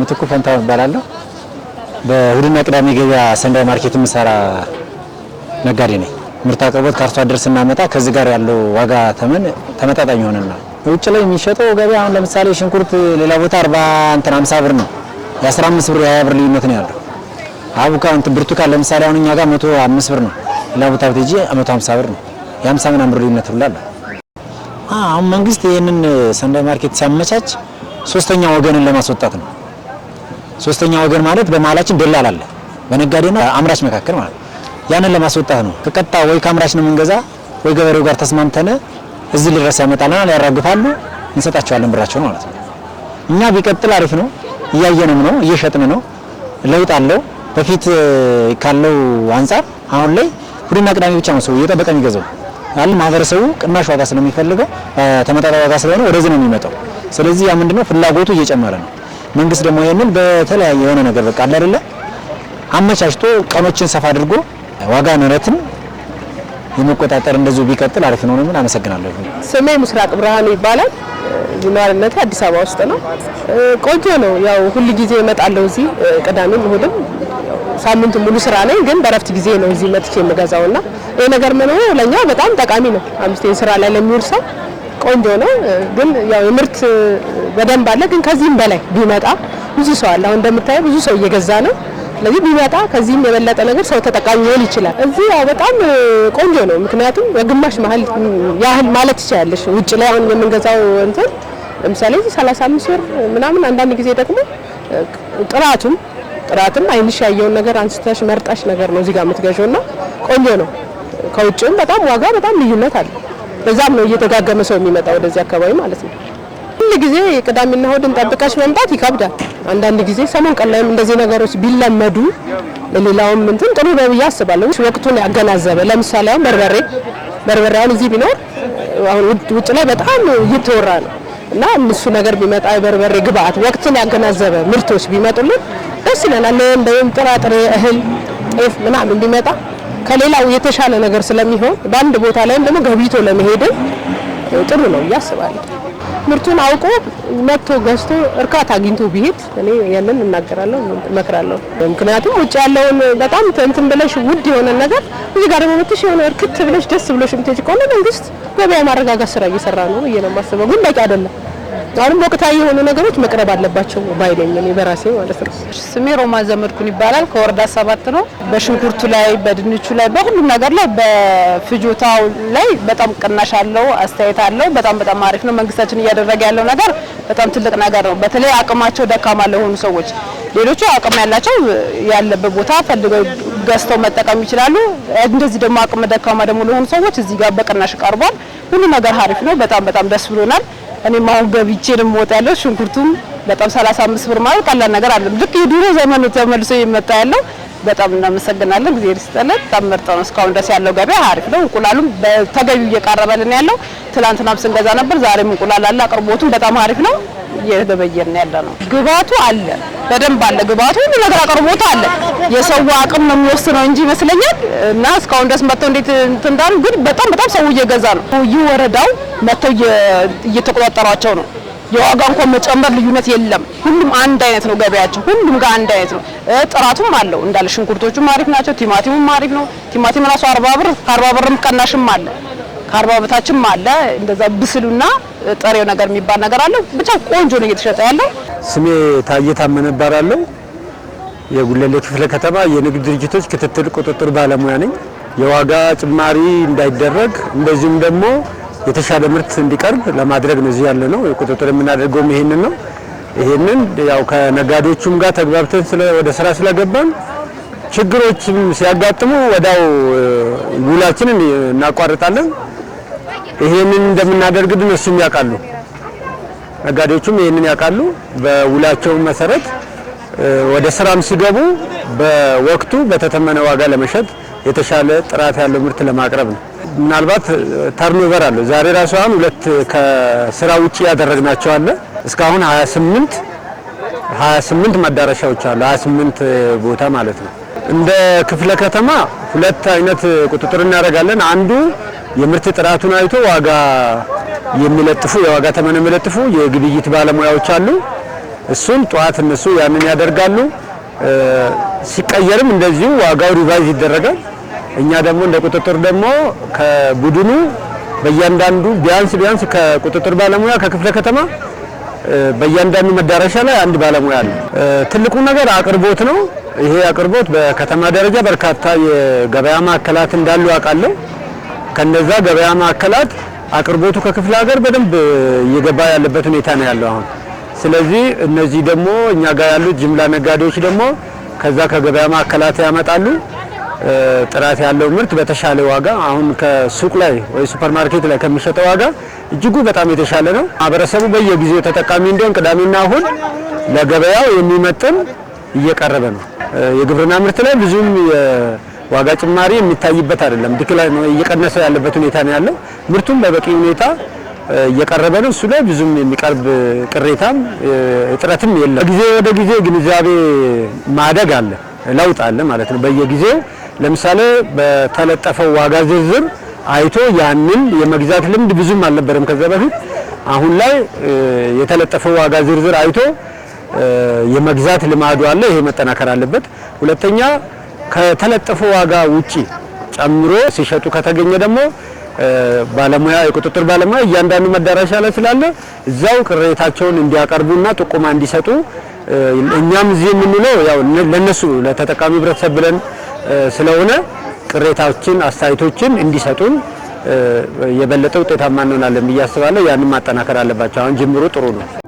ምትኩ ፈንታው እባላለሁ። በእሁድና ቅዳሜ ገበያ ሰንዳይ ማርኬት የምሰራ ነጋዴ ነኝ። ምርት አቅርቦት ከአርሶ አደር ስናመጣ ከዚህ ጋር ያለው ዋጋ ተመን ተመጣጣኝ ይሆንና ውጭ ላይ የሚሸጠው ገበያ አሁን ለምሳሌ ሽንኩርት ሌላ ቦታ 40 እንትን 50 ብር ነው። የ15 ብር የ20 ብር ልዩነት ነው ያለው። አቡካ እንትን ብርቱካን ለምሳሌ አሁን እኛ ጋር 105 ብር ነው፣ ሌላ ቦታ ብትሄጂ 150 ብር ነው። የ50 ምናምን ብር ልዩነት ብላለ። አሁን መንግስት ይህንን ሰንዳይ ማርኬት ሲያመቻች ሶስተኛ ወገንን ለማስወጣት ነው። ሶስተኛ ወገን ማለት በመሀላችን ደላል አለ፣ በነጋዴና አምራች መካከል ማለት ያንን ለማስወጣት ነው። ከቀጣ ወይ ከአምራች ነው የምንገዛ ወይ ገበሬው ጋር ተስማምተነ እዚህ ልድረስ ያመጣልናል፣ ያራግፋሉ፣ እንሰጣቸዋለን ብራቸውን ማለት ነው። እኛ ቢቀጥል አሪፍ ነው። እያየንም ነው፣ እየሸጥን ነው። ለውጥ አለው። በፊት ካለው አንጻር አሁን ላይ እሁድና ቅዳሜ ብቻ ነው ሰው እየጠበቀ የሚገዛው ያለ ማህበረሰቡ ቅናሽ ዋጋ ስለሚፈልገው ተመጣጣኝ ዋጋ ስለሆነ ወደዚህ ነው የሚመጣው። ስለዚህ ያ ምንድነው ፍላጎቱ እየጨመረ ነው። መንግስት ደግሞ ይሄንን በተለያየ የሆነ ነገር በቃ አለ አይደለ አመቻችቶ ቀኖችን ሰፋ አድርጎ ዋጋ ንረትን የመቆጣጠር እንደዚሁ ቢቀጥል አሪፍ ነው። ምን አመሰግናለሁ። ስሜ ምስራቅ ብርሃኑ ይባላል። ነዋሪነቴ አዲስ አበባ ውስጥ ነው። ቆንጆ ነው። ያው ሁል ጊዜ እመጣለሁ እዚህ ቅዳሜም እሁድም ሳምንቱ ሙሉ ስራ ነኝ፣ ግን በረፍት ጊዜ ነው እዚህ መጥቼ የምገዛውና ይሄ ነገር መኖሩ ለኛ በጣም ጠቃሚ ነው። አምስቴን ስራ ላይ ለሚውል ሰው ቆንጆ ነው። ግን ያው ምርት በደንብ አለ። ግን ከዚህም በላይ ቢመጣ ብዙ ሰው አለ። አሁን እንደምታየው ብዙ ሰው እየገዛ ነው። ስለዚህ ቢመጣ ከዚህም የበለጠ ነገር ሰው ተጠቃሚ ሊሆን ይችላል። እዚህ ያው በጣም ቆንጆ ነው። ምክንያቱም በግማሽ መሀል ያህል ማለት ትችያለሽ። ውጭ ላይ አሁን የምንገዛው እንትን ለምሳሌ እዚህ 35 ብር ምናምን፣ አንዳንድ ጊዜ ደግሞ ጥራቱም ጥራትም አይንሽ ያየውን ነገር አንስተሽ መርጠሽ ነገር ነው እዚህ ጋር የምትገዥው እና ቆንጆ ነው። ከውጭም በጣም ዋጋ በጣም ልዩነት አለ። በዛም ነው እየተጋገመ ሰው የሚመጣ ወደዚህ አካባቢ ማለት ነው። ሁል ጊዜ ቅዳሜና እሁድን ጠብቀሽ መምጣት ይከብዳል። አንዳንድ ጊዜ ሰሞን ቀን ላይም እንደዚህ ነገሮች ቢለመዱ ለሌላውም እንትን ጥሩ ነው ብዬ አስባለሁ። ወቅቱን ያገናዘበ ለምሳሌ አሁን በርበሬ በርበሬ አሁን እዚህ ቢኖር አሁን ውጭ ላይ በጣም እየተወራ ነው እና እሱ ነገር ቢመጣ የበርበሬ ግብአት ወቅትን ያገናዘበ ምርቶች ቢመጡልን ደስ ይለናል። ጥራጥሬ፣ እህል፣ ጤፍ ምናምን ቢመጣ ከሌላው የተሻለ ነገር ስለሚሆን በአንድ ቦታ ላይም ደግሞ ገብይቶ ለመሄድ ጥሩ ነው ብዬ ምርቱን አውቆ መጥቶ ገዝቶ እርካታ አግኝቶ ቢሄድ እኔ ያንን እናገራለሁ፣ እመክራለሁ። ምክንያቱም ውጭ ያለውን በጣም እንትን ብለሽ ውድ የሆነ ነገር እዚህ ጋር ደግሞ መጥተሽ የሆነ እርክት ብለሽ ደስ ብሎሽ የምትሄጂ ከሆነ መንግስት ገበያ ማረጋጋት ስራ እየሰራ ነው ብዬ ነው የማስበው፣ ግን በቂ አይደለም። አሁንም ወቅታዊ የሆኑ ነገሮች መቅረብ አለባቸው ባይለኝ እኔ በራሴ ማለት ነው። ስሜ ሮማ ዘመድኩን ይባላል። ከወረዳ ሰባት ነው። በሽንኩርቱ ላይ፣ በድንቹ ላይ፣ በሁሉም ነገር ላይ በፍጆታው ላይ በጣም ቅናሽ አለው፣ አስተያየት አለው። በጣም በጣም አሪፍ ነው። መንግስታችን እያደረገ ያለው ነገር በጣም ትልቅ ነገር ነው። በተለይ አቅማቸው ደካማ ለሆኑ ሰዎች ሌሎቹ አቅም ያላቸው ያለበት ቦታ ፈልገው ገዝተው መጠቀም ይችላሉ። እንደዚህ ደግሞ አቅም ደካማ ደግሞ ለሆኑ ሰዎች እዚህ ጋር በቅናሽ ቀርቧል። ሁሉ ነገር አሪፍ ነው። በጣም በጣም ደስ ብሎናል። እኔም አሁን ገብቼ ነው የምወጣው። ሽንኩርቱም በጣም 35 ብር ማለት ቀላል ነገር አይደለም። ልክ የድሮ ዘመኑ ተመልሶ ይመጣ ያለው በጣም እናመሰግናለን። ጊዜ ርስጠለት በጣም ምርጥ ነው። እስካሁን ድረስ ያለው ገበያ አሪፍ ነው። እንቁላሉም በተገቢው እየቀረበልን ያለው ትላንትናም ስንገዛ ነበር። ዛሬም እንቁላል አለ። አቅርቦቱም በጣም አሪፍ ነው። እየገበየን ያለ ነው። ግባቱ አለ፣ በደንብ አለ ግባቱ። ሁሉ ነገር አቅርቦት አለ። የሰው አቅም ነው የሚወስነው እንጂ ይመስለኛል። እና እስካሁን ድረስ መጥተው እንዴት እንዳሉ ግን በጣም በጣም ሰው እየገዛ ነው። ይህ ወረዳው መጥተው እየተቆጣጠሯቸው ነው። የዋጋ እንኳን መጨመር ልዩነት የለም። ሁሉም አንድ አይነት ነው ገበያቸው፣ ሁሉም ጋር አንድ አይነት ነው። ጥራቱም አለው እንዳለ ሽንኩርቶቹም አሪፍ ናቸው። ቲማቲሙም አሪፍ ነው። ቲማቲም ራሱ አርባ ብር ከአርባ ብርም ቀናሽም አለ ከአርባ በታችም አለ እንደዛ ብስሉና ጥሬው ነገር የሚባል ነገር አለ። ብቻ ቆንጆ ነው እየተሸጠ ያለው። ስሜ ታዬ ታመነ እባላለሁ። የጉለሌ ክፍለ ከተማ የንግድ ድርጅቶች ክትትል ቁጥጥር ባለሙያ ነኝ። የዋጋ ጭማሪ እንዳይደረግ እንደዚሁም ደግሞ የተሻለ ምርት እንዲቀርብ ለማድረግ ነው እዚህ ያለ ነው። ቁጥጥር የምናደርገውም ይሄንን ነው። ይሄንን ያው ከነጋዴዎቹም ጋር ተግባብተን ወደ ስራ ስለገባን ችግሮችም ሲያጋጥሙ ወዳው ውላችንን እናቋርጣለን። ይሄንን እንደምናደርግ እነሱም ያውቃሉ፣ ነጋዴዎቹም ይሄንን ያውቃሉ። በውላቸው መሰረት ወደ ስራም ሲገቡ በወቅቱ በተተመነ ዋጋ ለመሸጥ የተሻለ ጥራት ያለው ምርት ለማቅረብ ነው። ምናልባት ተርኖቨር አለው። ዛሬ ራሱ አሁን ሁለት ከስራ ውጪ ያደረግናቸው አለ። እስካሁን 28 28 መዳረሻዎች አሉ። 28 ቦታ ማለት ነው። እንደ ክፍለ ከተማ ሁለት አይነት ቁጥጥር እናደርጋለን። አንዱ የምርት ጥራቱን አይቶ ዋጋ የሚለጥፉ የዋጋ ተመን የሚለጥፉ የግብይት ባለሙያዎች አሉ። እሱን ጠዋት እነሱ ያንን ያደርጋሉ። ሲቀየርም እንደዚሁ ዋጋው ሪቫይዝ ይደረጋል። እኛ ደግሞ እንደ ቁጥጥር ደግሞ ከቡድኑ በእያንዳንዱ ቢያንስ ቢያንስ ከቁጥጥር ባለሙያ ከክፍለ ከተማ በእያንዳንዱ መዳረሻ ላይ አንድ ባለሙያ አለ። ትልቁ ነገር አቅርቦት ነው። ይሄ አቅርቦት በከተማ ደረጃ በርካታ የገበያ ማዕከላት እንዳሉ አውቃለሁ። ከነዛ ገበያ ማዕከላት አቅርቦቱ ከክፍለ ሀገር በደንብ እየገባ ያለበት ሁኔታ ነው ያለው አሁን። ስለዚህ እነዚህ ደግሞ እኛ ጋር ያሉት ጅምላ ነጋዴዎች ደግሞ ከዛ ከገበያ ማዕከላት ያመጣሉ። ጥራት ያለው ምርት በተሻለ ዋጋ አሁን ከሱቅ ላይ ወይ ሱፐርማርኬት ላይ ከሚሸጠው ዋጋ እጅጉ በጣም የተሻለ ነው። ማህበረሰቡ በየጊዜው ተጠቃሚ እንዲሆን ቅዳሜና እሁድ ለገበያው የሚመጥን እየቀረበ ነው። የግብርና ምርት ላይ ብዙም ዋጋ ጭማሪ የሚታይበት አይደለም። ዲክላይን እየቀነሰ ያለበት ሁኔታ ነው ያለው። ምርቱም በበቂ ሁኔታ እየቀረበ ነው። እሱ ላይ ብዙም የሚቀርብ ቅሬታም እጥረትም የለም። ጊዜ ወደ ጊዜ ግንዛቤ ማደግ አለ፣ ለውጥ አለ ማለት ነው። በየጊዜው ለምሳሌ በተለጠፈው ዋጋ ዝርዝር አይቶ ያንን የመግዛት ልምድ ብዙም አልነበረም ከዛ በፊት። አሁን ላይ የተለጠፈው ዋጋ ዝርዝር አይቶ የመግዛት ልማዱ አለ። ይሄ መጠናከር አለበት። ሁለተኛ ከተለጠፈ ዋጋ ውጪ ጨምሮ ሲሸጡ ከተገኘ ደግሞ ባለሙያ የቁጥጥር ባለሙያ እያንዳንዱ መዳረሻ ላይ ስላለ እዛው ቅሬታቸውን እንዲያቀርቡና ጥቁማ እንዲሰጡ እኛም እዚህ የምንለው ያው ለነሱ ለተጠቃሚ ህብረተሰብ ብለን ስለሆነ ቅሬታዎችን፣ አስተያየቶችን እንዲሰጡን የበለጠ ውጤታማ እንሆናለን ብዬ አስባለሁ። ያንን ማጠናከር አለባቸው። አሁን ጅምሩ ጥሩ ነው።